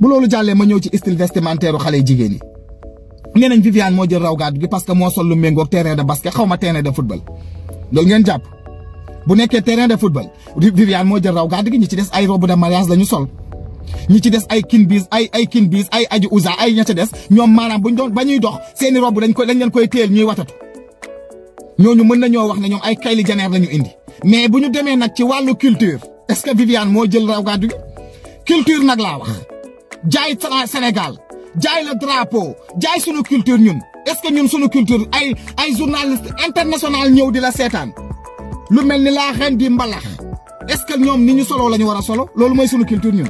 bu loolu jàllee ma ñëw ci style vestimentaire xale jigéen yi nee nañ Viviane moo jël raw gàddu gi parce que moo sol lu méngoog terrain de basket xaw ma terrain de football loolu ngeen jàpp bu nekkee terrain de football Viviane moo jël raw gàddu gi ñi ci des ay robe de mariage la ñu sol ñi ci des ay kin biis ay ay kin biis ay aju usa ay ña ca des ñoom maanaam buñ doon ba ñuy dox seeni rob dañ koy dañ leen koy téel ñuy watatu ñooñu mën nañoo wax ne ñoom ay Kylie Jenner la ñu indi mais bu ñu demee nag wàllu culture est-ce que Viviane moo jël raw gàddu gi culture nag laa wax jaay Fra Sénégal jaay le drapeau jaay sunu culture ñun est que ñun sunu culture ay ay journaliste international ñëw di la seetaan lu mel ni la reine di mbalax est-ce que ñoom ni ñu solo la ñu war a solo loolu mooy sunu culture ñun